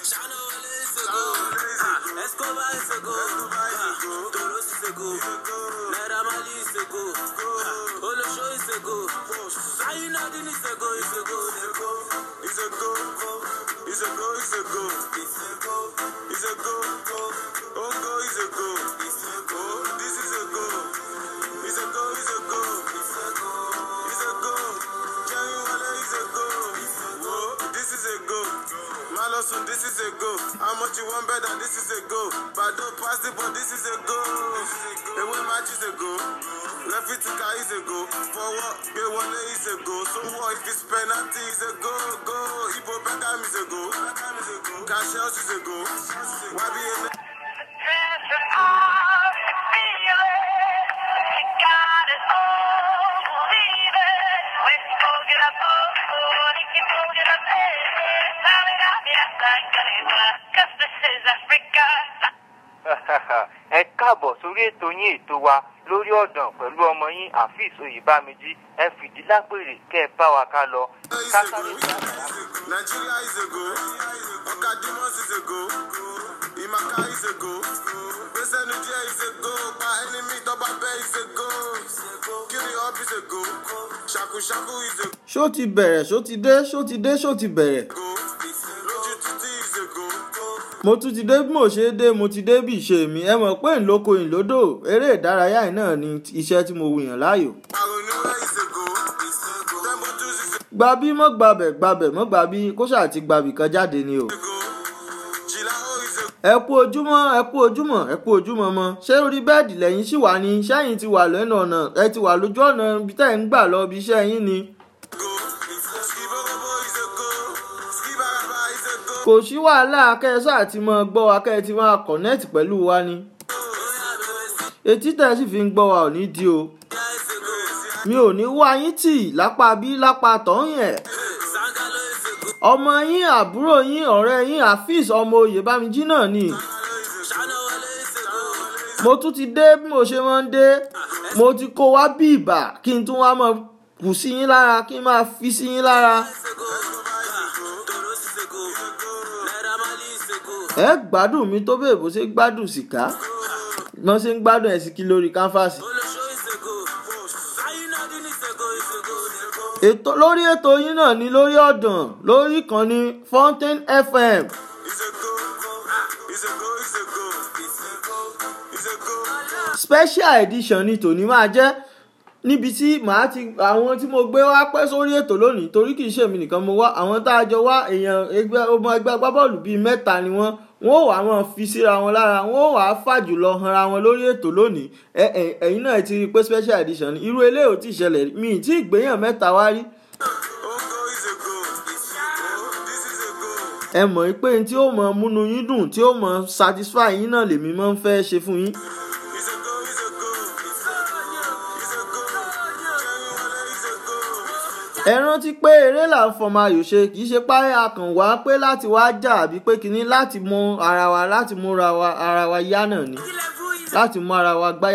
Chano is a go. Escobar is a go. Toros is a go. Naira Mali is a go. Olosho is a go. Sayinadin is a go. Is a go. Is a go. Is a go. Is a go. Is a go. Is a go. this is a go. How much you want better, this is a go. don't pass the ball, this is a go. The match is a go. Left it to Kai is a go. Forward, one is a go. So what if it's penalty is a go, go. Ibo Beckham is a go. Cash is a go. YBN. ẹ káàbọ̀ sórí ètò yín ètò wa lórí ọ̀dàn pẹ̀lú ọmọ yín afis oyèbámijì ẹ fìdí lápèrè kẹ́ ẹ bá wa ká lọ. Nigeria is a go Okájúmọ́s is a go Imaka is a go gbèsènu díẹ̀ is a go pa ẹnimi tọ́ba bẹ́ẹ̀ is a go kiri up is a go ṣàkúṣàkú is a go. ṣó ti bẹ̀rẹ̀ ṣó ti dé ṣó ti dé ṣó ti bẹ̀rẹ̀ mo tún ti dé mo ṣe dé mo ti dé bí ìṣe mi ẹ mọ̀ pé ńlọkọ ìlódò eré ìdárayá yìí náà ni iṣẹ́ tí mo wùyàn láàyò. gbàbí mọ́ gbàbẹ̀ gbàbẹ̀ mọ́ gbàbí kó ṣáà ti gbàbì kan jáde ni o ẹ kú ojúmọ́ ẹ kú ojúmọ́ ẹ kú ojúmọ́ mọ́ ṣé orí bẹ́ẹ̀dì lẹ́yìn ṣì wà ní sẹ́yìn ti wà lẹ́nu ọ̀nà ẹ ti wà lójú ọ̀nà ibi tẹ́ ń gbà lọ ibi iṣẹ́ yín ni. kò sí wàhálà akẹ́sà àti máa gbọ́ wa kẹ́ ẹ ti máa kọ̀nẹ́ẹ̀tì pẹ̀lú wa ni etí tẹ̀ sì fi ń gbọ́ wa ò ní di o mi ò ní wá yín tì lápá bí lápá tọ̀hún yẹn ọmọ yín àbúrò yín ọ̀rẹ́ yín afis ọmọ oyè bámijí náà ni mo tún ti dé bí mo ṣe máa ń dé mo ti kó wá bí ìbà kí n tún wá máa kù sí yín lára kí n máa fi sí yín lára. ẹ gbádùn mi tó bẹ́ẹ̀ bó ṣe gbádùn sìká wọ́n ṣe ń gbádùn ẹ̀sìn kí lórí káfáàsì. ètò lórí ètò yín náà ni lórí ọ̀dàn lórí ìkànnì Fountain FM. special edition ni tòní máa jẹ́ níbi tí màá ti àwọn tí mo gbé wá pẹ́ sórí ètò lónìí torí kì í ṣèmi nìkan mo wá àwọn tá a jọ wá èèyàn ọmọ ẹgbẹ́ agbábọ́ọ̀lù bíi mẹ́ta ni wọ́n wọn ò wá wọn fi síra wọn lára wọn ò wá fà jùlọ hanra wọn lórí ètò lónìí ẹ̀yin náà ti rí pé special edition irú eléyìí ò tí mi ì tí ì wá rí. ẹ mọ̀ pé tí ó mọ̀ múnú yín dùn tí ó mọ̀ satisfy yín náà lèmi máa ń fẹ́ ṣe fún yín. ẹ rántí pé eré là ń fọmọ ayò ṣe kì í ṣe pé akànwá pé láti wá jà àbí pé kínní láti mú ara wa láti mú ara wa yá náà ni láti mú ara wa gbá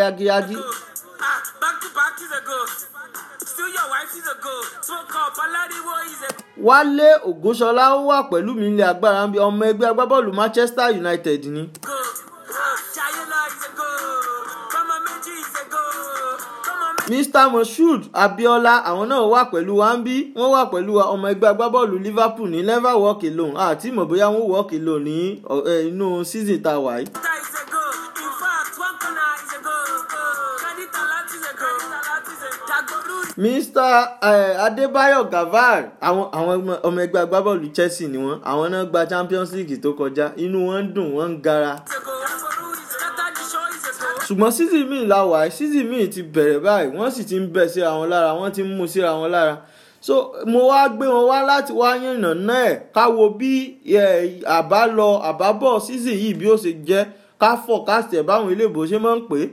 Wálé Ògúnṣọlá ó wà pẹ̀lú mi nílé agbára ọmọ ẹgbẹ́ agbábọ́ọ̀lù Manchester United ni. Go. mr moshood abiola àwọn náà wà pẹ̀lú wa ń bí wọ́n wà pẹ̀lú wa ọmọ ẹgbẹ́ agbábọ́ọ̀lù liverpool ní never walk alone àti ìmọ̀ bóyá wọ́n walk alone ní eh, inú season tá a wà yìí. mr eh, Adebayo, gavar àwọn ọmọ ẹgbẹ́ agbábọ́ọ̀lù chelsea ni wọ́n àwọn náà gba champions league tó kọjá inú wọn ń dùn wọ́n ń gara ṣùgbọ́n season míì la wà season míì ti bẹ̀rẹ̀ báyìí wọ́n sì ti ń bẹ̀ síra wọn lára wọ́n ti ń mú síra wọn lára so mo wá gbé wọn wá láti wá yànnà náà ẹ̀ ká wo bí àbálọ àbábọ̀ season yìí bí ó ṣe jẹ́ ká fọ̀ ká tẹ̀ báwọn iléèbó ṣe máa ń pè é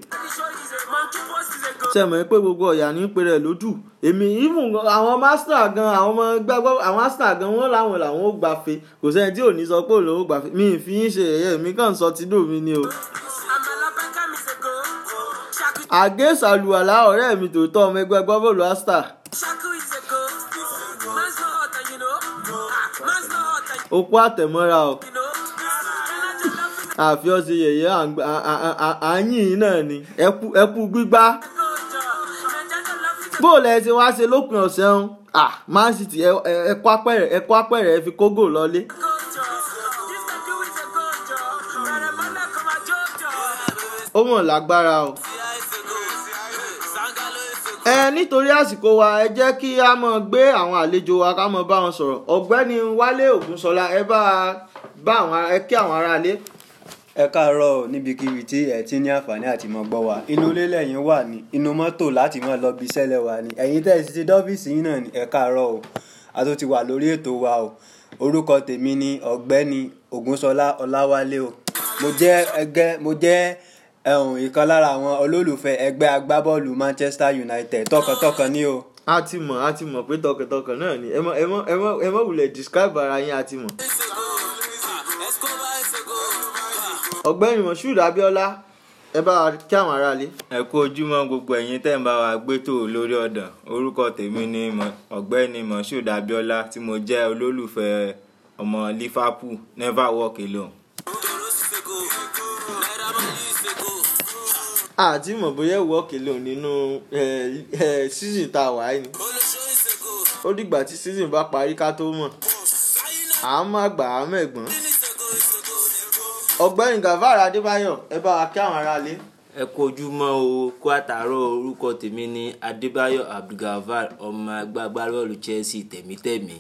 sẹ́mi pé gbogbo ọ̀yà ní pé rẹ̀ lójú èmi even àwọn master gan àwọn ọmọ gbàgbọ́ àwọn master gan wọ́n láwọn làwọn ó gbàfe kò sẹ́ni tí ò ní sọ pé òun lòún gbàfe mi ì ṣe ẹ̀yẹ mi kàn sọ tìdó mi ni o àgẹ́sà àlùwàlá ọ̀rẹ́ mi tòótọ́ ọmọ ẹgbẹ́ agbábọ́ọ̀lù Astar. opó àtẹ̀mọ́ra o àfi ọsẹ yẹyẹ àyìn náà ni ẹkú gbígbá bóòlù ẹ ti wá ṣe lópin ọ̀sẹ̀ ń Man City ẹkọ apẹ̀rẹ̀ ẹ fi kógò lọlé. ó mọ̀ lágbára o ẹ nítorí àsìkò wa ẹ jẹ́ kí a máa gbé àwọn àlejò wa ká máa bá wọn sọ̀rọ̀ ọ̀gbẹ́ni wálé ògúnṣọlá ẹ bá bá àwọn ẹ kí àwọn aráalé. ẹ káàárọ̀ níbikíbi tí ẹ ti ní àǹfààní àti mọ gbọ́ wa inú ilé lẹ́yìn wà ní inú mọ́tò láti mọ lọ bí sẹ́lẹ̀ wa ni ẹ̀yin tẹ́ ẹ ti dọ́fíìsì yín náà ni ẹ káàárọ̀ o a tó ti wà lórí ètò wa o orúkọ tèmi ni ọ̀gbẹ́ni ògúnṣọlá ọláwálé o mo jẹ́ ẹgẹ́ mo jẹ́ ẹ̀hún ìkan lára àwọn olólùfẹ́ ẹgbẹ́ agbábọ́ọ̀lù Manchester United tọkàntọkàn ni o. a ti mọ̀ a ti mọ̀ pé tọkàntọkàn náà ni ẹ mọ̀ ẹ mọ̀ ẹ mọ̀ wulẹ̀ describe ara yín a ti mọ̀. ọ̀gbẹ́ni Moshood Abiola ẹ bá wa kí àwọn aráalé. ẹ kú ojúmọ́ gbogbo ẹ̀yin tẹ́ ń bá wa gbé tó lórí ọ̀dàn orúkọ tèmi ni ọ̀gbẹ́ni Moshood Abiola tí mo jẹ́ olólùfẹ́ ọmọ Liverpool never walk alone àti mọ̀ bóyá ìwọ kèlò nínú season tá a wà ní. ó dìgbà tí season bá parí ká tó mọ̀ àmọ́ àgbà àmọ́ ẹ̀gbọ́n. ọ̀gbẹ́ni Gafar Adébáyọ̀ ẹ bá wa kí àwọn aráalé. ẹ kojúmọ́ o kó àtàárọ̀ orúkọ tèmi ni Adébáyọ̀ Abdulgafar ọmọ agbábọ́ọ̀lù Chelsea tẹ̀mítẹ̀mí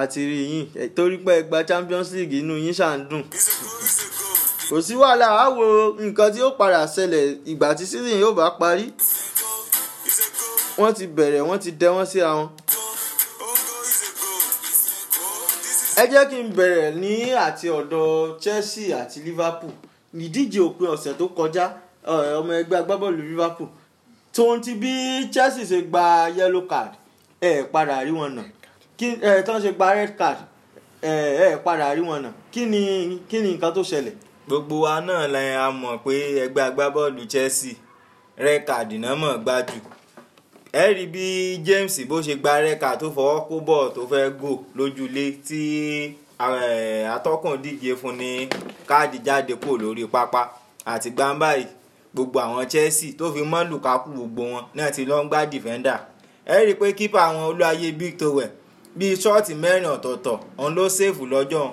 àti rí yín torí pé ẹ gba Champions League inú yín ṣáà ń dùn kò sí wàhálà á wo nǹkan tí ó padà ṣẹlẹ̀ ìgbà tí season yóò bá parí wọ́n ti bẹ̀rẹ̀ wọ́n ti dẹ́wọ́n síra wọn. ẹ jẹ́ kí n bẹ̀rẹ̀ ní àti ọ̀dọ̀ Chelsea àti Liverpool ìdíje òpin ọ̀sẹ̀ tó kọjá ọmọ ẹgbẹ́ agbábọ́ọ̀lù Liverpool tóun ti bí Chelsea ṣe gba yellow card ẹ eh, padà rí wọn nà kí ẹ eh, tán ṣe gba red card ẹ eh, padà rí wọn nà kí ni kí ni nǹkan tó ṣẹlẹ̀ gbogbo wa náà la a mọ̀ pé ẹgbẹ́ agbábọ́ọ̀lù Chelsea rẹ́kàdì náà mọ̀ gbájú ẹ rí bí James bó ṣe gba rẹ́kà tó fọwọ́ kó bọ̀ tó fẹ́ gò lójúlé tí atọ́kùn díje fún ní káàdì jáde kò lórí pápá àti gbàǹbà yìí gbogbo àwọn Chelsea tó fi mọ́ Lukaku gbogbo wọn náà ti lọ ń gbá dìfẹ́ndà ẹ rí i pé kípa àwọn olúwayé big towel bíi ṣọ́ọ̀tì mẹ́rin ọ̀tọ̀ọ̀tọ̀ òun ló ṣèfù lọ́jọ́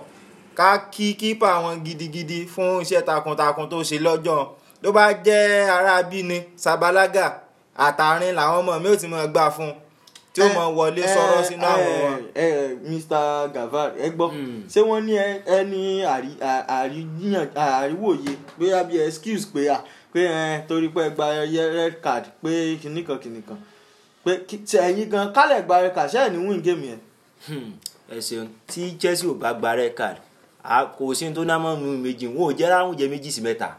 ká kí kípa wọn gidigidi fún iṣẹ́ takuntakun tó ṣe lọ́jọ́ tó bá jẹ́ aráabí ni sabalaga àtàrin làwọn ọmọ mi ò ti mọ gbà fún un tí ó máa eh, wọlé sọ̀rọ̀ eh, sínú àwọn eh, wa. Mr. Gavar ẹ gbọ́ hmm. ṣé wọ́n ní ẹni àríwòye pé àbí excuse pé à pé torí pé gba red card pé kìnnìkan kìnnìkan pé ẹ̀yin gan kálẹ̀ gba red card ṣẹ́ẹ̀ ní win game yẹn. Hmm, ẹ ṣeun tí Chelsea ò bá gba red card kò sí tó náà mọ nu méjì wọn ò jẹ ara jẹ méjì sí mẹ́ta.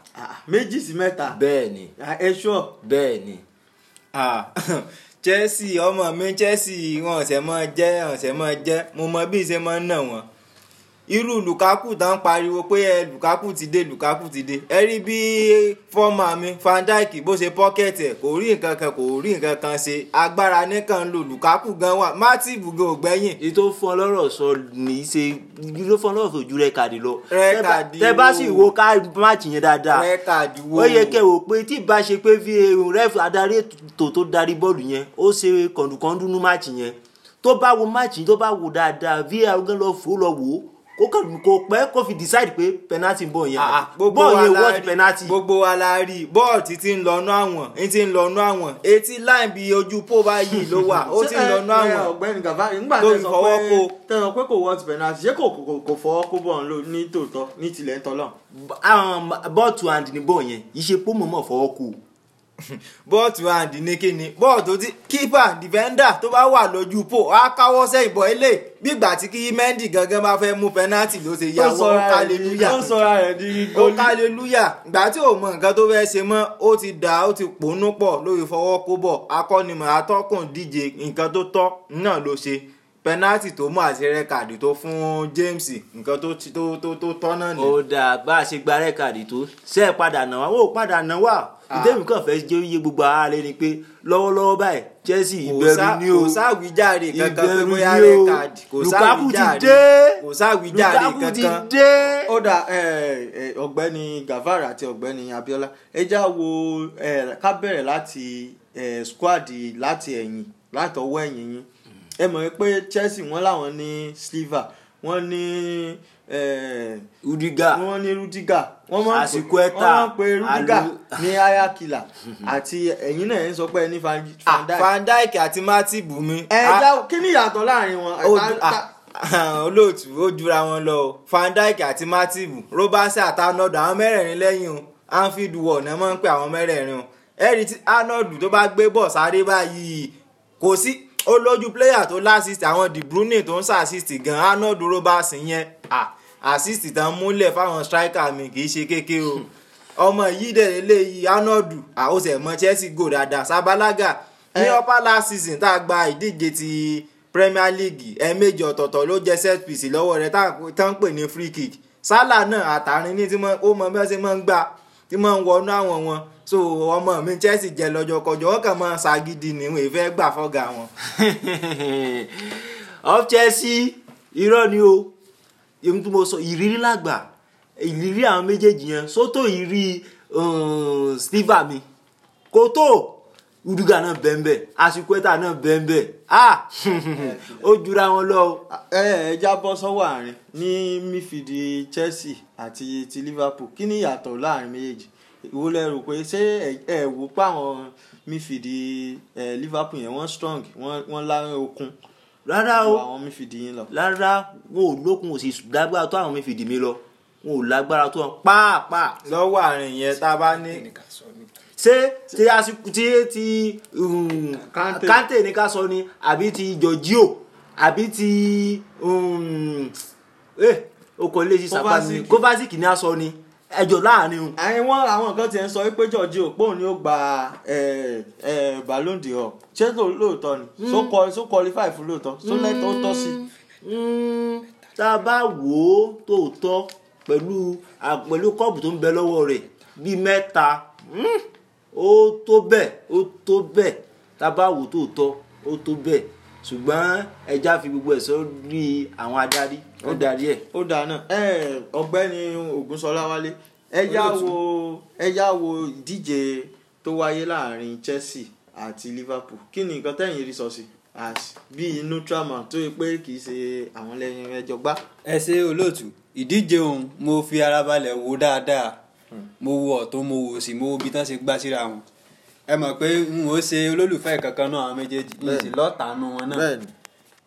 méjì sí mẹ́ta. bẹ́ẹ̀ ẹ ṣọ. bẹ́ẹ̀ Chelsea ọmọ mi Chelsea wọn ọ̀sẹ̀ mọ jẹ́ ọ̀sẹ̀ mọ jẹ́ mo mọ bí ṣe mọ ń nà wọn irú Lukaku dán pariwo pé ẹ Lukaku ti dé Lukaku ti dé ẹ rí bí fọ́ọ̀mà mi Van Dijk bó ṣe pọ́kẹ́tì ẹ̀ kò rí nǹkan kan kò rí nǹkan kan ṣe agbára nìkan ń Lukaku gan wà Matip gan ò gbẹ́yìn. èyí tó fún ọ lọ́rọ̀ sọ ní í ṣe èyí tó fún ọ lọ́rọ̀ fojú rẹ́kàdì lọ. rẹ́kàdì wo tẹ bá sì wo ká máàcì yẹn dáadáa. rẹ́kàdì wo ó yẹ kẹ́ wò pé tí ìbá ṣe pé fi ref adarí ètò tó darí bọ́ọ̀lù yẹn ó ṣe kọ̀ǹdùkọ̀ǹdù vi àwọn gan kó kàn kó pẹ́ kó fi decide pé penalty ń bọ̀ yẹn ah, ah, bọ́ọ̀ yẹn wọ́ọ̀tì penalty. gbogbo wa la rí i bọ́ọ̀tì ti ń lọ́nú àwọn ń ti ń lọ́nú àwọn etí láì bí ojú pó báyìí ló wà ó ti ń lọ́nú àwọn. Eh, ọ̀gbẹ́ni Gavari nígbà tó sọ pé tẹnu pé kò wọ́ọ̀tì penalty ṣé kò fọwọ́ kó bọ̀ ní tòótọ́ ní tilẹ̀ ń tọ́lọ̀. Um, bọ́ọ̀tù and ní bọ́ọ̀ yẹn ìṣe pọ́ mọ̀mọ́ fọwọ́ kù bọ́ọ̀tù àǹdí ní kíni bọ́ọ̀tù tí kípà dìfẹ́ndà tó bá wà lójú pò á káwọ́ sẹ́yìn bọ́ ilé gbígbà tí kí mẹ́ndì gangan bá fẹ́ mú pẹ́nátì ló ṣe yàwó kálẹ́lúyà ó sọra rẹ̀ di goli ó kálẹ́lúyà gbà tí ò mọ nǹkan tó fẹ́ ṣe mọ́ ó ti dà ó ti pònú pọ̀ lórí fọwọ́ kó bọ̀ akọ́nimọ̀ atọ́kùn díje nǹkan tó tọ́ náà ló ṣe pẹnátì tó mú àti rẹkàdì tó fún James nǹkan tó tó tó tọ́ náà ni. ó dà bá a ṣe gba rẹkàdì tó ṣe é padà náà padà náà Ah. ìtẹ́mi kan fẹ́ jẹ́ iye gbogbo ara rẹ ni pé lọ́wọ́lọ́wọ́ báyìí Chelsea ìbẹ̀rù ni o kò sáwìjáre kankan pé bóyá rẹ káàdì kò sáwìjáre kò sáwìjáre kankan ó dà ọ̀gbẹ́ni Gavara àti ọ̀gbẹ́ni Abiola ẹ já wo ká bẹ̀rẹ̀ láti squad láti ẹ̀yìn látọwọ́ ẹ̀yìn yín ẹ mọ̀ pé Chelsea wọ́n láwọn ní sliver wọ́n ní rudiga wọ́n ní rudiga wọ́n máa ń pe rudiga ní ayakila àti ẹ̀yin náà ń sọ pé ẹni Van Dijk ah, àti Matip mi. ẹ dáwọ ah. kí ni ìyàtọ̀ láàrin wọn ah, olóòtú ó jura wọn lọ Van Dijk àti Matip robansi àtànọdọ àwọn mẹ́rẹ̀ẹ̀rin lẹ́yìn o Anfield wọ̀ náà máa ń pe àwọn mẹ́rẹ̀ẹ̀rin o ẹ̀rí tí Arnold tó bá gbé bọ̀ sáré báyìí kò sí ó lójú pléyà tó lásìsì àwọn De Bruyne tó ń sàsìsì gan arnold roberts yẹn àsìsì tán múlẹ̀ fáwọn striker mi kì í ṣe kéke o hmm. ọmọ yìí dẹ̀ eléyìí arnold àhóṣẹ̀ mọ chelsea gò dáadáa sábàlágà ní eh. upper last season tá a gba ìdíje ti premier league ẹ̀ẹ̀mejì ọ̀tọ̀ọ̀tọ̀ ló jẹ́ set piece lọ́wọ́ rẹ̀ tá ń pè ní free kick sálà náà àtàrin ní tí ó mọ bí wọ́n ṣe máa ń gbà tí máa ń wọnú àwọn wọn so ọmọ mi Chelsea jẹ lọ́jọ́ kọjọ́ kàn máa ṣàgídí ni wọn ìfẹ́ gbà fọ́gà wọn. of Chelsea irọ́ ni o èmi tí mo sọ ìrírí làgbà ìrírí àwọn méjèèjì yẹn sótò ìrírí stiva mi kò tó uduga náà bẹ́ẹ̀nbẹ́ asikweta náà bẹ́ẹ̀nbẹ́ ah ó jura wọn lọ. ẹ ẹ jábọ́ sọ́wọ́ àárín ní mífìdí Chelsea àti ti Liverpool kí ni ìyàtọ̀ láàrin méjèèjì ìwọ lẹ rò pé ṣé ẹ wò pa àwọn mífìdí Liverpool yẹn wọ́n strong wọ́n lára okun rárá o àwọn mífìdí yín lọ rárá wọn ò lókun ò sì lágbára tó àwọn mífìdí mi lọ wọn ò lágbára tó wọn pàápàá. lọ́wọ́ àárín yẹn tá a bá ní ṣé ti àsìkò ti ti um, kante ní ká sọ ni àbí ti Jorginho àbí ti um, eh, okòó lè ṣe sàpá ni Kovacic ní a sọ ni ẹjọ́ láàrin. àwọn àwọn kan ti ń sọ pé George Okpon ni ó gba Ballon d'Or ṣé lóòótọ́ ni so hmm. qualify fún lóòótọ́ so lẹ́tọ́ tọ́ sí. Hmm. tá a bá wò ó tòótọ́ pẹ̀lú pẹ̀lú kọ́ọ̀bù tó ń bẹ lọ́wọ́ rẹ̀ bíi mẹ́ta hmm, ó tó bẹ́ẹ̀ ó tó bẹ́ẹ̀ tá a bá wò ó tòótọ́ ó tó bẹ́ẹ̀ ṣùgbọ́n ẹja fi gbogbo ẹ̀ sórí àwọn adarí ó darí ẹ̀. ó dáa náà ẹ ọ̀gbẹ́ni Ògúnṣọlá Wálé ẹja wo ẹja wo ìdíje tó wáyé láàrin Chelsea àti Liverpool kí ni nǹkan tẹ̀yìn rí sọ sí bíi neutral man tó yẹ pé kì í ṣe àwọn lẹ́yìn ẹjọ́ gbá. ẹ ṣe olóòtú ìdíje òun mo fi ara balẹ̀ wò dáadáa hmm. mo wo ọ̀tún mo wò sí mo wo ibi tán ṣe gbá síra wọn ẹ mọ̀ pé n ò ṣe olólùfẹ́ kankan náà àwọn méjèèjì n sì lọ́tàánú wọn náà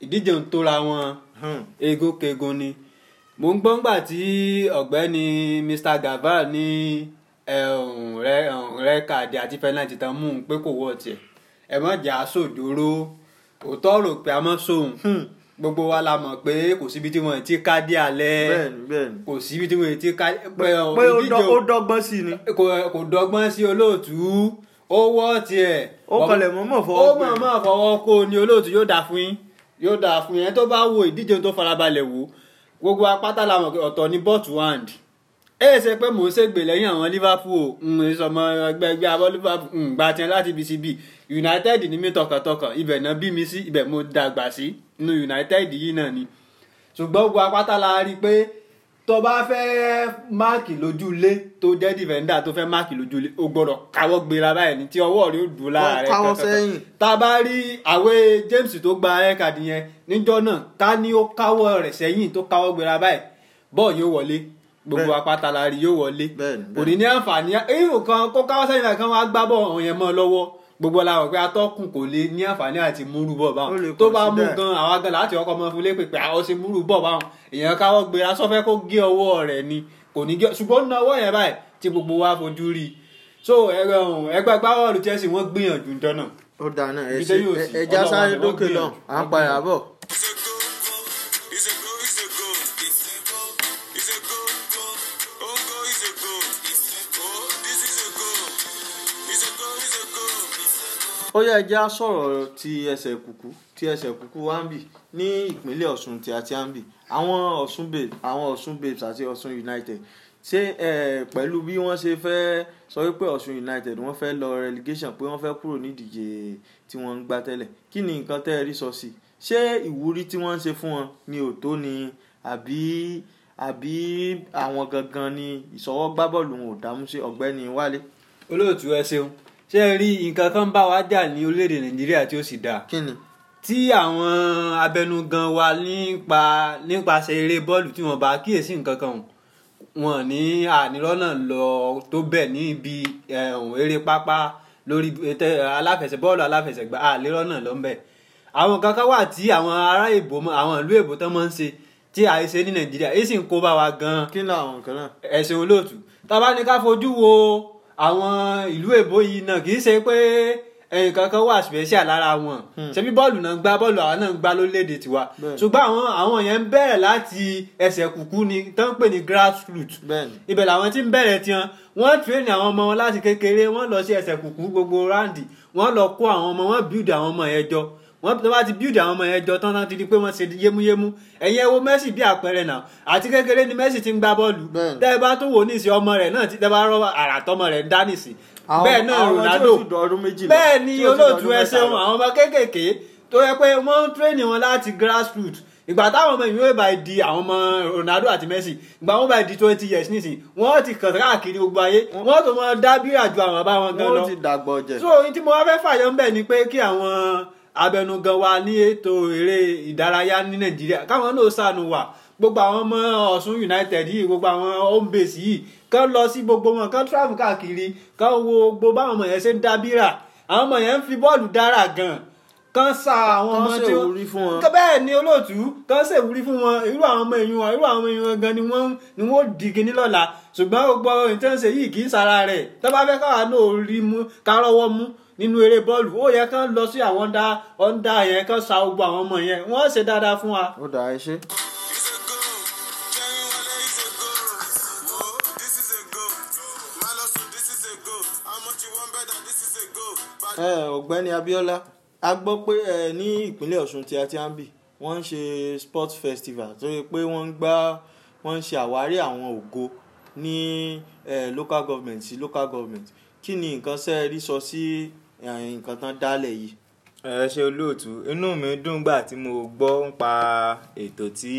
ìdíje ń tóra wọn hmm. egokegun ni mo ń gbọ́ ngbà tí ọ̀gbẹ́ni Mr Gaval ní rẹ kàdé àti fẹ́láǹtì tán mú un pé kò wọ́ tiẹ̀ ẹ mọ̀ jà sòdòrò òótọ́ rò pé a mọ̀ sóhun hmm. gbogbo wa la mọ̀ pé kò síbi tí wọ́n ti ká dé alẹ́ kò síbi tí wọ́n ti ká. pé ó dọ́gbọ́n sí ni. kò dọ́gbọ́n sí olóòtú ó wọ́ tiẹ̀ ó kọlẹ̀ mọ́mọ́ fọwọ́ pé ó mọ̀ọ́mọ́ fọwọ́ kó ni olóòtú yóò dáa fún yín yóò dáa fún yín tó bá wo ìdíje tó farabalẹ̀ wò gbogbo apáta làwọn ọ̀tọ̀ ní bọ́ọ̀tù wand ẹ ẹ ṣe pé mò ń ṣègbè lẹ́yìn àwọn Liverpool ń sọmọ ẹgbẹ́ ẹgbẹ́ abọ́ Liverpool ń gba tiẹ̀ láti ibi síbi United ní mi tọkàntọkàn ibẹ̀ náà bí mi sí ibẹ̀ mo dàgbà sí inú United yìí náà ni ṣùgbọ́n gbogbo apáta la rí i pé tó bá fẹ́ máàkì lójú ilé tó jẹ́ dìfẹ́ndà tó fẹ́ máàkì lójú ilé o gbọ́dọ̀ káwọ́ gbéra báyìí ní tí ọwọ́ rẹ ó dùn láàárẹ̀ káwọ́ sẹ́yìn tá a bá rí àwé James tó gba ẹ̀ kàdí yẹn níjọ́ náà ta ni ó káwọ́ rẹ̀ sẹ́yìn tó káwọ́ gbéra báyìí bọ́ọ̀ yóò wọlé gbogbo apáta la rí yóò wọlé kò ní ní àǹfààní irun kan kó káwọ́ sẹ́yìn náà kan wá gbá bọ́ọ̀ lọ́wọ́ gbogbo la wọ̀ pé atọ́kùn kò lè ní àǹfààní àti múrú bọ̀ báwọn tó bá mú gan àwa gan láti ọkọ̀ ọmọ fúnlé pèpè àwọn ṣe múrú bọ̀ báwọn èèyàn káwọ́ gbéra sọ́fẹ́ kó gé ọwọ́ rẹ̀ ni kò ní gé ṣùgbọ́n náwó yẹn báyìí tí gbogbo wa fojú rí so ẹgbẹ́ ọ̀hún ẹgbẹ́ Chelsea wọ́n gbìyànjú jọ náà. ó dáná ẹ̀jẹ̀ sáré dókè lọ à ń padà bọ̀. ó yẹ ẹjẹ́ á sọ̀rọ̀ ti ẹsẹ̀ kùkú ti ẹsẹ̀ kùkú wambi ní ìpínlẹ̀ ọ̀ṣun ti àti ambi àwọn ọ̀ṣun babes àwọn ọ̀ṣun babes àti ọ̀ṣun united ṣé ẹ pẹ̀lú bí wọ́n ṣe fẹ́ sọ wípé ọ̀ṣun united wọ́n fẹ́ lọ relegation pé wọ́n fẹ́ kúrò nídìje tí wọ́n ń gbá tẹ́lẹ̀ kí ni nǹkan tẹ́ ẹ rí sọ sí ṣé ìwúrí tí wọ́n ń ṣe fún wọn ni òótọ́ ni àbí àbí àwọn gangan ni ìṣọwọ́ gbábọ́ọ̀lù wọn ò dámú sí ọ̀gbẹ́ni wálé. olóòtú ẹ ṣeun ṣé ẹ rí nǹkan kan bá wa jà ní orílẹ̀-èdè nàìjíríà tí ó sì dáa. kí ni. tí àwọn abẹnugan wa nípa nípasẹ̀ eré bọ́ọ̀lù tí wọ́n bá kíyèsí nǹkan kan wọn ní ànírọ́nà lọ tó bẹ̀ níbi eré pápá lórí aláfẹsẹ̀ bọ́ọ̀lù aláfẹsẹ̀gbá àlérọ́nà lọ́nbẹ̀ àwọn kankan wà tí àwọn ará èbó àwọn ìlú èbó tán máa ń ṣe tí a ṣe ní nàìjíríà èyí sì ń kó bá wa gan-an. kí ni àwọn kan náà. ẹ̀sìn olóòtú tá a bá ní ká fojú wo àwọn ìlú èbó yìí náà kì í ṣe pé ẹyìn kankan wà special lára wọn hmm. ṣebí bọ́ọ̀lù náà ń gbá bọ́ọ̀lù àwọn náà ń gbá lórílẹ̀‐èdè tiwa ṣùgbọ́n àwọn àwọn yẹn ń bẹ̀rẹ̀ láti ẹsẹ̀ kùkú ni tán ń pè ní grassroots ibẹ̀ làwọn ti ń bẹ̀rẹ̀ tiwọn wọ́n train àwọn ọmọ wọn láti kékeré wọ́n lọ sí ẹsẹ̀ kùkú gbogbo ráǹdì wọ́n lọ kó àwọn ọmọ wọn build àwọn ọmọ yẹn jọ wọ́n tó bá ti build àwọn ọmọ yẹn jọ tán tán ti di pé wọ́n ṣe yémúyémú ẹ̀yin ẹ wo Messi bí àpẹẹrẹ náà àti kékeré ni Messi ti ń gbá bọ́ọ̀lù tẹ́ ẹ bá tó wò ní ìsìn ọmọ rẹ̀ náà ti tẹ́ bá rọ́ àrà tọmọ rẹ̀ ń dá nìsín bẹ́ẹ̀ náà Ronaldo bẹ́ẹ̀ ni olóòtú ẹ ṣeun àwọn ọmọ kéékèèké tó yẹ pé wọ́n ń tréènì wọn láti grassroot ìgbà táwọn ọmọ ìwé ìbá di àwọn ọmọ Ronaldo àti Messi ìgbà wọn bá di twenty years nísìnyí wọn ti kàn káàkiri gbogbo ayé wọn tó mọ dábìrì àjọ àwọn bá wọn gan lọ so tí mo wá fẹ́ fàyọ ń bẹ̀ ni pé kí àwọn abẹnugan wa ní ètò eré ìdárayá ní nàìjíríà káwọn náà sànù wà gbogbo àwọn ọmọ ọ̀ṣun united yìí gbogbo àwọn home base yìí kán lọ sí gbogbo wọn kán travel káàkiri kán wo gbogbo àwọn ọmọ yẹn ṣe ń dábìrà àwọn ọmọ yẹn ń fi bọ́ọ̀lù dára gan kan sa àwọn ọmọ tí wọn bẹ́ẹ̀ ni olóòtú kan ṣèwúrí fún wọn irú àwọn ọmọ èèyàn irú àwọn èèyàn gan ni wọ́n ni wọ́n di kíní lọ́la ṣùgbọ́n gbogbo ìtẹ́ǹsẹ̀ yìí kì í sara rẹ̀ tó fẹ́ káwa náà rí mú kárọ́wọ́ mú nínú eré bọ́ọ̀lù ó yẹ kán lọ sí àwọn ọ̀ndà ọ̀ndà yẹn kán sa gbogbo àwọn ọmọ yẹn wọ́n ṣe dáadáa fún wa. ó dàá ẹ ṣe. ọ̀gbẹ́ni a gbọ́ pé ní ìpínlẹ̀ Ọ̀ṣun ti ń bì wọ́n ń ṣe sports festival tó yẹ pé wọ́n ń gbá wọ́n ń ṣe àwárí àwọn ògo ní local government sí local government kí ni nǹkan ṣe rí sọ sí nǹkan tán dálẹ̀ yìí. ẹ ṣe olóòtú inú mi dùn gbà tí mo gbọ́ ń pa ètò tí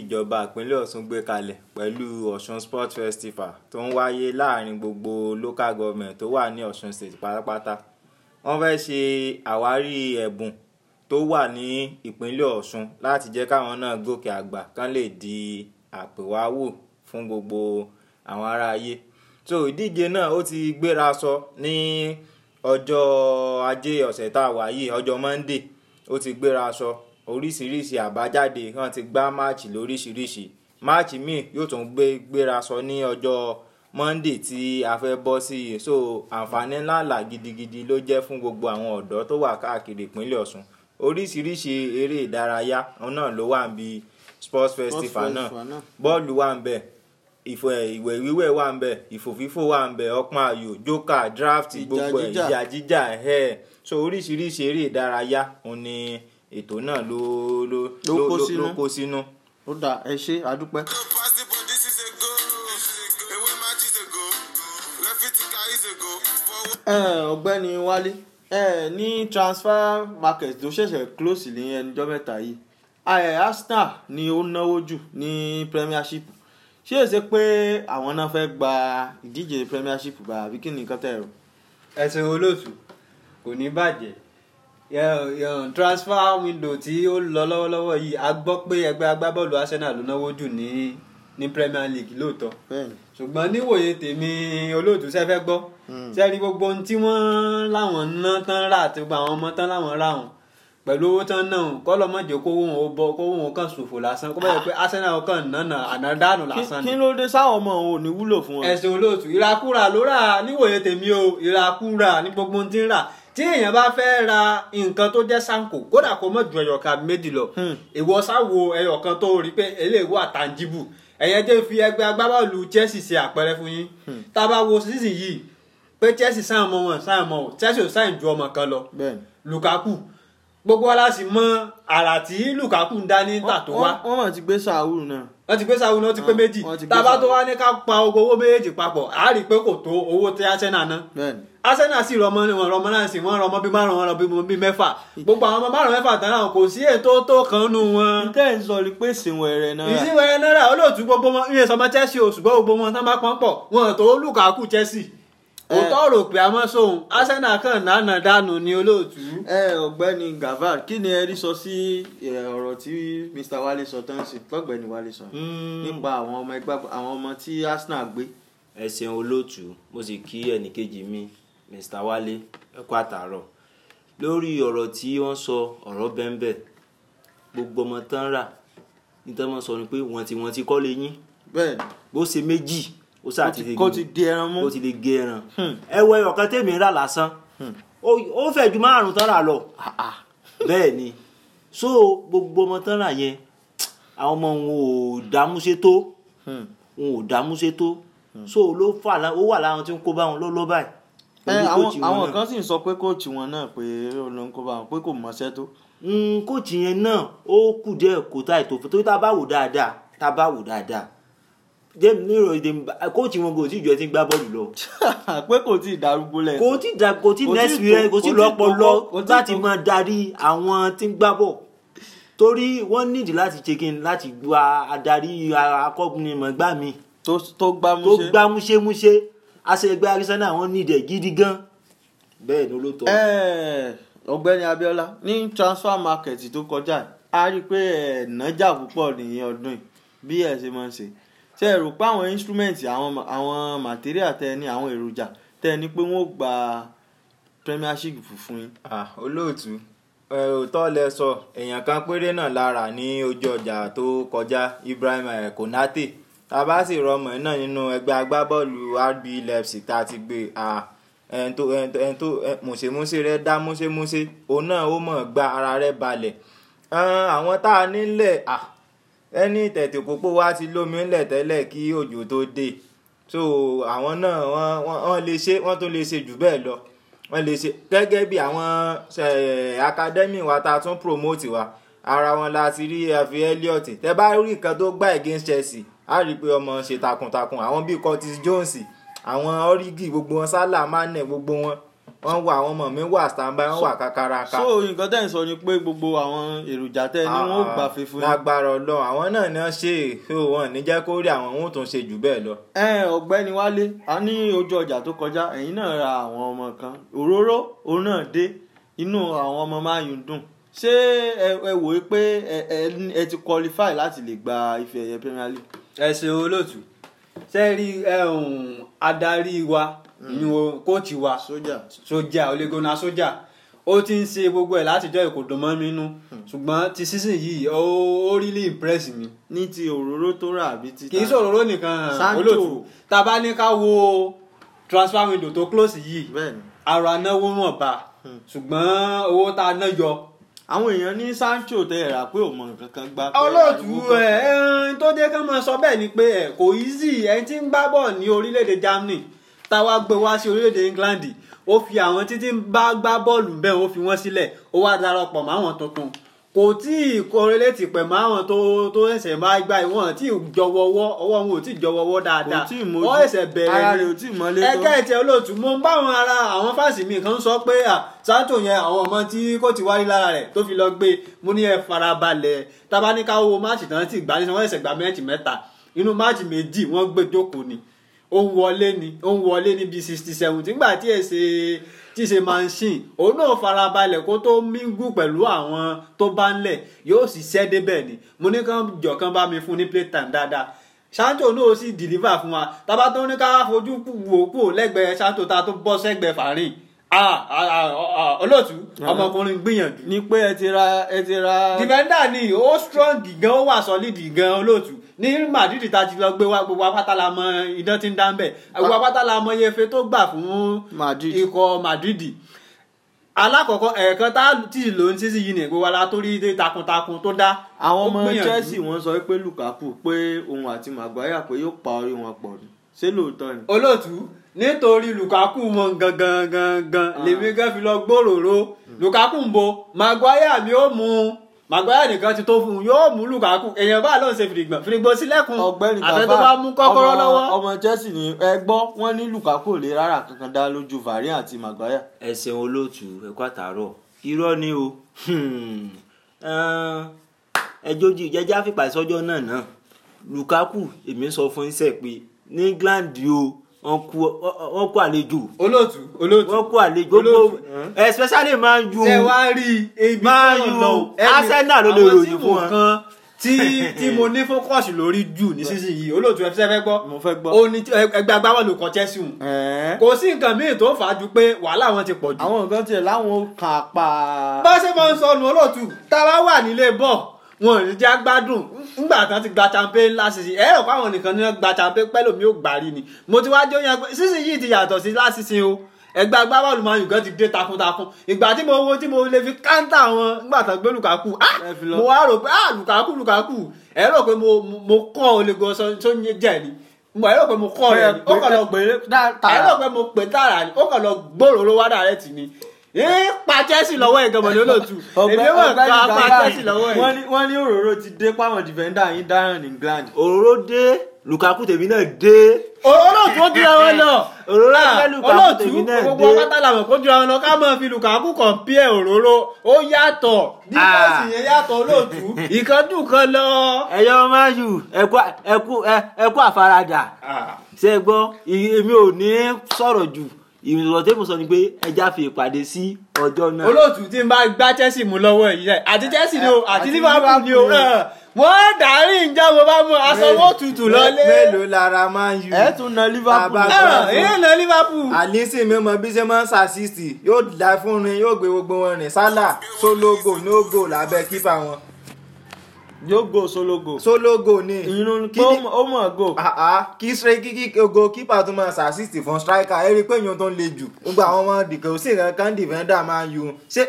ìjọba ìpínlẹ̀ Ọ̀ṣun gbé kalẹ̀ pẹ̀lú Ọ̀ṣun Sport Festival tó ń wáyé láàrin gbogbo local government tó wà ní Ọ̀ṣun state pátápátá wọ́n fẹ́ ṣe àwárí ẹ̀bùn tó wà ní ìpínlẹ̀ Ọ̀ṣun láti jẹ́ káwọn náà gòkè àgbà kán lè di àpèwáwò fún gbogbo àwọn ará ayé so ìdíje náà ó ti gbéra sọ ní. So, ọjọ́ ajé ọ̀sẹ̀ tá a wà yìí ọjọ́ monday ó ti gbéra aṣọ oríṣiríṣi àbájáde kan ti gbá máàcì lóríṣiríṣi máàcì míì yóò tún gbé gbéra aṣọ ní ọjọ́ monday tí a fẹ́ bọ́ sí i so àǹfààní ńláńlá gidigidi ló jẹ́ fún gbogbo àwọn ọ̀dọ́ tó wà káàkiri ìpínlẹ̀ ọ̀ṣun oríṣiríṣi eré ìdárayá náà ló wà níbi sports festival náà bọ́ọ̀lù wà ń bẹ̀ ìfò eh, ìwẹ̀ wíwẹ̀ wà ń bẹ ìfò fífò wà ń bẹ ọpọ́n ayò jókà draft gbogbo ẹ̀ ìjà jíjà ẹ̀ so oríṣiríṣi eré ìdárayá òun ni ètò náà ló ló ló kó sínú. ó dà ẹ ṣe àdúpẹ́. ọ̀gbẹ́ni wálé ní transfer market tó ṣẹ̀ṣẹ̀ close ní ẹnujọ́ mẹ́ta yìí arsenal ni ó náwó jù ní premiership ṣé èsè pé àwọn náà fẹ́ gba ìdíje premiership gba àbí kí ni nǹkan tẹ̀ rò. ẹsẹ̀ olóòtú kò ní bàjẹ́ transfer window tí ó lọ lọ́wọ́lọ́wọ́ yìí a gbọ́ pé ẹgbẹ́ agbábọ́ọ̀lù Arsenal ló náwó jù ní ní Premier League lóòótọ́ ṣùgbọ́n níwòye tèmi olóòtú sẹ́fẹ́ gbọ́ sẹ́rí hmm. gbogbo ohun tí wọ́n láwọn ná tán rà àti gbogbo àwọn ọmọ tán láwọn rà wọn pẹ̀lú owó tán náà kọ́lọ́ má jẹ́ kówó òun ó bọ́ kówó òun kàn ṣòfò lásán kó má jẹ́ pé Arsenal kàn nánà ànádànù lásán ni. kí ló dé sáwọn ọmọ òun ò ní wúlò fún ọ. ẹ̀sìn olóòtú ìrakúra ló rà níwòye tèmi o ìrakúra ní gbogbo ohun tí ń rà tí èèyàn bá fẹ́ ra nǹkan tó jẹ́ sanko kódà kó mọ̀ ju ẹyọ̀ka méjì lọ hmm. ìwọ sáwo ẹyọ̀kan tó rí pé eléwọ́ àtàǹjìbù ẹ̀yẹ jẹ́ fi ẹgbẹ́ agbábọ́ọ̀lù Chelsea ṣe àpẹẹrẹ fún yín hmm. tá a bá wo season yìí pé Chelsea sáà mọ wọn sáà mọ ò Chelsea ò sáà ju ọmọ kan lọ Lukaku gbogbo wa láti mọ àrà tí Lukaku ń dá ní ìta tó wá. wọ́n mọ̀ ti gbé Saul náà. wọ́n ti gbé Saul náà ti pé ah, méjì tábà tó wá ní ká pa owó méjèèjì papọ̀ á rí i pé kò tó owó tí Arsenal ná. Arsenal sì rọmọ wọn rọmọ náà sì wọn rọmọ bí márùn wọn rọmọ bí mẹ́fà gbogbo àwọn ọmọ márùn mẹ́fà tán náà kò sí ètò tó kan nù wọn. ǹjẹ́ ń sọ pé ìsìnwẹ̀rẹ̀ náírà. ìsìnwẹ̀rẹ̀ náírà olóòtú gbogbo wọn ìyẹn sọmọ Chelsea òótọ́ eh. rò pé a mọ́ sóhun Arsenal kàn nánà dànù ni olóòtú. ẹ eh, ọ̀gbẹ́ni Gavar kí ni ẹ sọ sí eh, ọ̀rọ̀ tí Mr Wale sọ tán sí tọ́gbẹ́ni Wale sọ hmm. nípa àwọn ọmọ ẹgbẹ́ àwọn ọmọ tí Arsenal gbé. ẹ ṣeun olóòtú mo sì kí ẹnìkejì mi Mr Wale ẹ kú àtàárọ̀ lórí ọ̀rọ̀ tí wọ́n sọ ọ̀rọ̀ bẹ́ńbẹ́ gbogbo ọmọ tán rà nítorí wọ́n sọ ni pé wọ́n ti wọ́n ti kọ́ lé yín bó ṣe méjì ó sá ti lè kó ti di ẹran mú o, ti lè gé ẹran hmm. ẹwọ ẹyọkan tèmi rà lásán hmm. ó fẹ́ ju márùn tán rà lọ bẹ́ẹ̀ ni so gbogbo ọmọ tán rà yẹn àwọn ọmọ wọn ò dámúṣe tó hmm. wọn ò dámúṣe tó so ló fà ó wà láwọn tí ń kó bá wọn lọ́lọ́ báyìí. Eh, àwọn kan sì ń sọ pé kóòtù wọn náà pé ó ló ń kó bá wọn pé kò mọṣẹ́ tó. kóòtù yẹn náà ó kù díẹ̀ kó tá ètò fún torí tá a bá wò dáadáa tá a bá wò dáadáa jẹ́mi ní ìròyìn tèmi kóòtù wọn kò tí ìjọ ti ń gbá bọ́ọ̀lù lọ. pé kò tí ì darúgbó lẹ́sìn. kò tí ì kò tí ì nẹ́sì rẹ kò tí ì lọ́pọlọ láti máa darí àwọn tí ń gbá bọ̀ torí wọ́n nídìí láti chekin láti gba adarí akọ́gunimọ̀gbá mi. tó gbámúṣe tó gbámúṣémúṣé aṣègbè Arsenal wọ́n nídìí gidi gan bẹ́ẹ̀ ni olóòótọ́. ọ̀gbẹ́ni Abíọ́lá ní transfer market tó kọjá a rí i pé ẹ̀ẹ́dẹ́gbẹ̀jà púpọ̀ nìyẹn ọdún yìí bí ẹ̀ ṣe máa ń ṣe ṣé ẹ rò pé àwọn instrument àwọn àwọn material tẹ ní àwọn èròjà tẹ ní pé wọ́n gba premiership fún yín. olóòtú òótọ́ lẹ sọ èèyàn kan péré náà lára ní ojú ọjà tó kọjá Ibrahim eh, Konate tá a bá sì rọmọ náà nínú ẹgbẹ́ agbábọ́ọ̀lù RB Leipzig tá a ti gbé ẹ̀ǹtó ẹ̀ǹtó mùsèmùsè rẹ dá músèmùsè òun náà ó mọ̀ gba ara rẹ balẹ̀ àwọn tá a nílẹ̀ ẹni tẹ̀tẹ̀ pópó wa ti lómi ńlẹ̀ tẹ́lẹ̀ kí òjò tó dé so àwọn náà wọ́n wọ́n lè ṣe wọ́n tún lè ṣe jù bẹ́ẹ̀ lọ wọ́n lè ṣe gẹ́gẹ́ bí àwọn akadẹ́mì wa ta tún promote wa ara wọn la ti rí àfi Elliot tẹ bá rí nǹkan tó gbá against Chelsea á rí i pé ọmọ ṣe takuntakun àwọn bíi Curtis Jones àwọn Origi gbogbo wọn Salah Mane gbogbo wọn wọ́n wà àwọn ọmọ mi wà standby wọ́n wà kakaraka. so nǹkan tẹ́ ń sọ ni pé gbogbo àwọn èròjà tẹ́ ni wọ́n ah, gbà fífún. lágbára Ọlọ́run àwọn náà ni wọ́n ṣe èso wọn ní jẹ́ kó rí àwọn ohun tó ń ṣe jù bẹ́ẹ̀ lọ. ẹ ọ̀gbẹ́ni Wálé a ní ojú ọjà tó kọjá ẹ̀yin náà ra àwọn ọmọ kan òróró òun náà dé inú àwọn ọmọ máa yùn dùn ṣé ẹ wò ó pé ẹ ti qualify láti lè gba ife ẹ̀yẹ Premier League. ẹ ṣe olóòtú ṣe rí inú kóòtù wa sójà olégona sójà ó ti ń ṣe gbogbo ẹ̀ látijọ́ ìkòdùn mọ́ mi nú hmm. ṣùgbọ́n ti season yìí ó really impress mi. ní ti òróró tó rà àbí ti ta kì í ṣe òróró nìkan olóòtú tá bá ní ká wo transfer window tó close yìí ara náwó mọ̀ bá hmm. ṣùgbọ́n owó tá a ná yọ àwọn èèyàn ní Sancho tẹ ẹ rà pé òmò nǹkan kan gbá. olóòtú ẹ ẹ eh, tó dé kán máa sọ bẹ́ẹ̀ ni pé eh, kò easy ẹ ti ń gbá bọ̀ ní orílẹ̀-èdè Germany táwa gbé wá sí orílẹ̀-èdè England ó fi àwọn títí ń bá gbá bọ́ọ̀lù bẹ́ẹ̀ ó fi wọ́n sílẹ̀ ó wá darapọ̀ máwọn tuntun kò tí ì kọrẹ́lẹ́tì pẹ̀ máwọn tó tó ẹsẹ̀ máa gba ìwọ̀n tí ì jọwọ́wọ́ ọwọ́ wọn ò tí ì jọwọ́wọ́ dáadáa ó ẹsẹ̀ bẹ̀rẹ̀ ni ẹ̀ka ẹ̀tẹ̀ olóòtú mo ń báwọn ará àwọn fáàsì mi kan sọ pé santo yẹn àwọn ọmọ tí kò ti wárí lára rẹ̀ tó fi lọ gbé mo ní ẹ farabalẹ̀ tabaníkà owó tán ti gbà ní sọ wọ́n ẹsẹ̀ gbà mẹ́ẹ̀tì mẹ́ta inú máàtì méjì wọ́n gbé jókòó ni ó ń wọlé ni ó ń wọlé ní bíi sixty seventy nígbà tí ẹ ṣe tí ṣe machine òun náà farabalẹ̀ kó tó mingú pẹ̀lú àwọn tó bá ń lẹ̀ yóò sì ṣẹ́ débẹ̀ ni mo ní kàn jọ̀kan bá mi fún ní playtime dáadáa santo náà sì deliver fún wa tábà tó ní ká fojú wò kúrò lẹ́gbẹ̀ẹ́ santo ta tó bọ́ sẹ́gbẹ̀ẹ́ fàárín Ah, ah, ah, olóòtú ọmọkùnrin gbìyànjú. ni pé ẹ ti ra ẹ ti ra. defender ni ó strong gan ó wà solid gan olóòtú ní Madrid ta ti lọ gbé wa gbogbo apáta la mọ idán tí ń dá ń bẹ gbogbo apáta la mọ iye efe tó gbà fún ikọ̀ Madrid alákọ̀ọ́kọ́ ẹ̀ẹ̀kan tá tí ló ń sísí yìí ní gbogbo ala tó rí takuntakun tó dá. àwọn ọmọ Chelsea wọ́n sọ pé Lukaku pé òun àti Maguire pé yóò pa orí wọn pọ̀ ṣé lóòótọ́ ni. olóòtú nítorí Lukaku mọ gangan gangan ah. lèmi gan fi lọ gbòòrò Lukaku ń bo Maguire mi ó mú un Maguire nìkan ti tó fún un yóò mú Lukaku èèyàn bá lóun ṣe fìdígbọn fìdígbọn sílẹ̀kùn ọ̀gbẹ́ni bàbá àfẹ tó bá mú kọ́kọ́rọ́ lọ́wọ́. ọmọ Chelsea ni ẹ gbọ́ wọ́n ní Lukaku lè rárá kankan dá lójú Varane àti Maguire. ẹ ṣeun olóòtú ẹ kó àtàárọ̀ irọ́ ni o ẹ jójú jẹjẹ àfipá ìsọjọ náà náà Lukaku èmi sọ fún iṣẹ́ pé ní England o wọ́n kó àlejò. olóòtú olóòtú wọ́n kó àlejò gbogbo especially man u man u Arsenal ló lè ròyìn fún wọn tí tí mo ní fókọ̀sì lórí jù nísinsìnyí olóòtú ẹ fẹ́ gbọ́ mo fẹ́ gbọ́ ó ní ẹgbẹ́ agbábọ́ọ̀lù kan Chelsea hùn kò sí nǹkan míì tó fà á ju pé wàhálà wọn ti pọ̀ jù. àwọn nǹkan tiẹ̀ láwọn kà pa. bá ṣe máa ń sọnù olóòtú tá a bá wà nílé bọ́ọ̀ wọn ò ní já gbádùn nígbà tán ti gba champagne last season ẹ ọ̀pọ̀ àwọn nìkan ní wọn gba champagne pẹ́ lómi ò gbàrí ni mo ti wáá jó yan pé season yìí ti yàtọ̀ sí last season o ẹgbẹ́ agbábọ́ọ̀lù máa yùgán ti dé takuntakun ìgbà tí mo wo tí mo lè fi káńtà wọn nígbà tán gbé Lukaku ah! mo wá rò pé ah, Lukaku Lukaku ẹ rò pé mo kàn ó lè gan sọ jẹ ni mo ẹ rò pé mo kàn rẹ ni ó kàn lọ gbé ẹ rò pé mo pè tààrà ni ó gbòòrò ló dàrẹ́tì ni ee pa Chelsea lọ́wọ́ ẹ̀ gọbọ ní olóòtú èmi wọn pa pa Chelsea lọ́wọ́ ẹ̀. wọ́n ní òróró ti dé páwọn defender yín dáràn ní England. òróró dé Lukaku tèmi náà dé. olóòtú ó dúra wọn lọ òróró àfẹ Lukaku tèmi náà dé. olóòtú gbogbo pátálà mọ̀ kó dúra wọn lọ ká máa fi Lukaku compare òróró ó yàtọ̀ dífẹ́ǹsì ah. yẹn yàtọ̀ olóòtú ìkàndùn kan lọ. ẹyọ mayu ẹkú àfaradà ah. ṣe gbọ́ èmi ò ní sọ̀rọ̀ jù ìrìnlọ tí mo sọ ni pé ẹja fi ìpàdé sí ọjọ́ náà. olóòtú tí n bá gbá Chelsea mú lọ́wọ́ yìí rẹ̀ àti Chelsea ni o àti Liverpool ni o wọ́n dàrí ìjà wo bá mú aṣọwọ́ tutù lọ́lé. mélòó lára máa ń yù. ẹ tún na Liverpool. ẹ̀rọ ìyẹn na Liverpool. àlísì mi mọ bí ṣe máa ń ṣàṣìṣì yóò dá fún rin yóò gbé gbogbo wọn rìn sálà sólógò nógò lábẹ́ kípa wọn yóò sologo. sologo ni. irun kí ni ó mọ̀ go. kí kí kí go kípa tó máa ṣàṣìṣì fún striker ẹ rí i pé ìyún tó ń le jù gbogbo àwọn ọmọ dìkẹ́ ò sì rán kan venda máa yun ṣé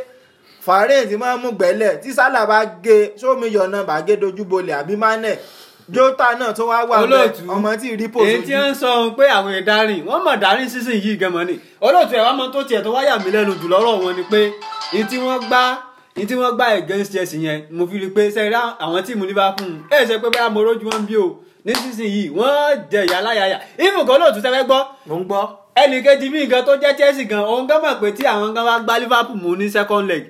Fares máa mú gbẹ́lẹ̀ tí Salah bá gé sómi yọ̀nà bàgé dojúbolẹ̀ àbí Mane jota náà tó wá wà bẹ ọmọ tí rí pòsò yìí. èyí tí ń sọ ohun pé àwọn ìdarin wọn mọ darin sísìn yìí gan mọ ni olóòtú ẹ wá mọ tó tiẹ̀ tó wáyà mí lẹ́nu jù ní tí wọ́n gbá against Chelsea yẹn mo fi rí i pé sẹ́yìn àwọn tíìmù Liverpool ẹ̀ ṣe pé báyà mo rójú wọn bí o nísinsìnyí wọ́n jẹ ìyá láyàyà ìmù kan lóòtú sẹ́fẹ́ gbọ́. mo ń gbọ́. ẹnì kejì mí gan tó jẹ́ Chelsea gan òun gan mọ̀ pé tí àwọn gan wá gba Liverpool mú ní second leg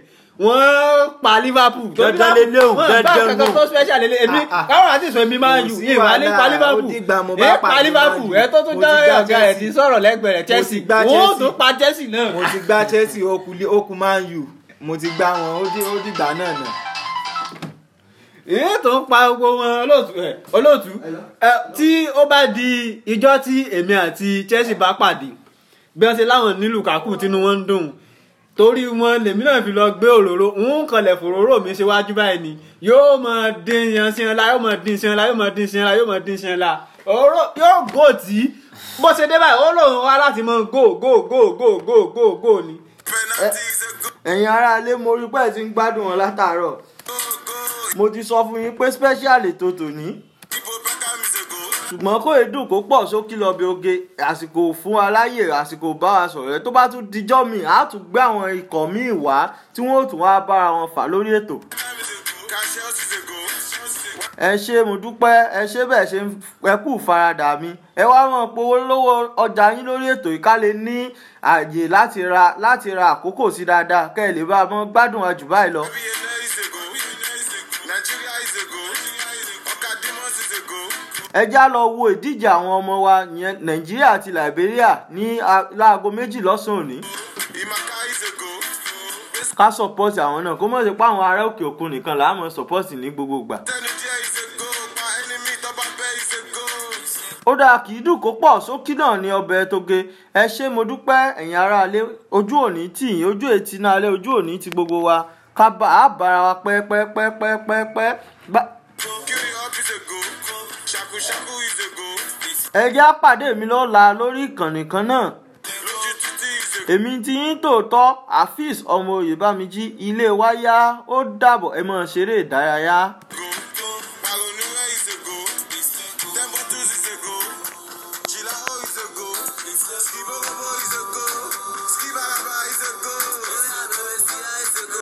wọ́n pa Liverpool. dandan lè léwu dandan lè léwu. wọ́n bá kankan tó special lè lé èmi ah, ah. káwọn àti sọ èmi máa yù yìí wà ní pa Liverpool. ẹ pa Liverpool ẹ tó tún dá ọ̀gá ẹ̀ ti sọ̀rọ̀ lẹ́gbẹ̀rẹ̀ Chelsea. wọ́n tó pa Chelsea náà. mo ti gba Chelsea okùn máa ń yù mo ti gbá wọn ó dìgbà náà nà èyí tó ń pa gbogbo wọn olóòtú ẹ olóòtú ẹ tí ó bá di ìjọ tí èmi àti Chelsea bá pàdé bí wọ́n ṣe láwọn ní Lukaku tínú wọn ń dùn torí wọn lèmi náà fi lọ gbé òróró ń kanlẹ̀ fòróró mi ṣíwájú báyìí ni yóò máa dín yan sí ẹnla yóò máa dín sí ẹnla yóò máa dín sí ẹnla yóò máa dín sí ẹnla òróró yóò gò tí bó ṣe dé báyìí ó lòun wá láti mọ gò gò gò gò gò gò gò ni ẹ̀yin aráalé mo rí pé ẹ ti ń gbádùn wọn látàárọ̀ mo ti sọ fún yín pé special ètò tòní ṣùgbọ́n kò yé dùn kó pọ̀ sókè lọ bí oge àsìkò fún wa àsìkò bá wa sọ̀rọ̀ tó bá tún dijọ́ mi á tún gbé àwọn ikọ̀ míì wá tí wọ́n ó tún wá bára wọn fà lórí ètò ẹ ṣé mo dúpẹ́ ẹ ṣé bẹ́ẹ̀ ṣe ẹ kú faradà mi ẹ wá máa powó lówó ọjà yín lórí ètò yìí ká lè ní àyè láti ra láti ra àkókò sí dáadáa kẹ́ ẹ lè bá a mọ́ gbádùn wa jù báyìí lọ. ẹ já lọ wo ìdíje àwọn ọmọ wa nàìjíríà àti liberia ní láago méjì lọ́sàn-án òní ká sọpọ́ọ̀tì àwọn náà kó mọ̀ sí pé àwọn ará òkè òkun nìkan làá mọ̀ sọpọ́ọ̀tì ní gbogbo gbà. ó dáa kì í dùn kó pọ̀ sókí náà ní ọbẹ̀ toge ẹ ṣé mo dúpẹ́ ẹ̀yin aráalé ojú òní tì yín ojú ètí náà alẹ́ ojú òní ti gbogbo wa ká bá a bára wa pẹ́ẹ́pẹ́ẹ́pẹ́ẹ́pẹ́.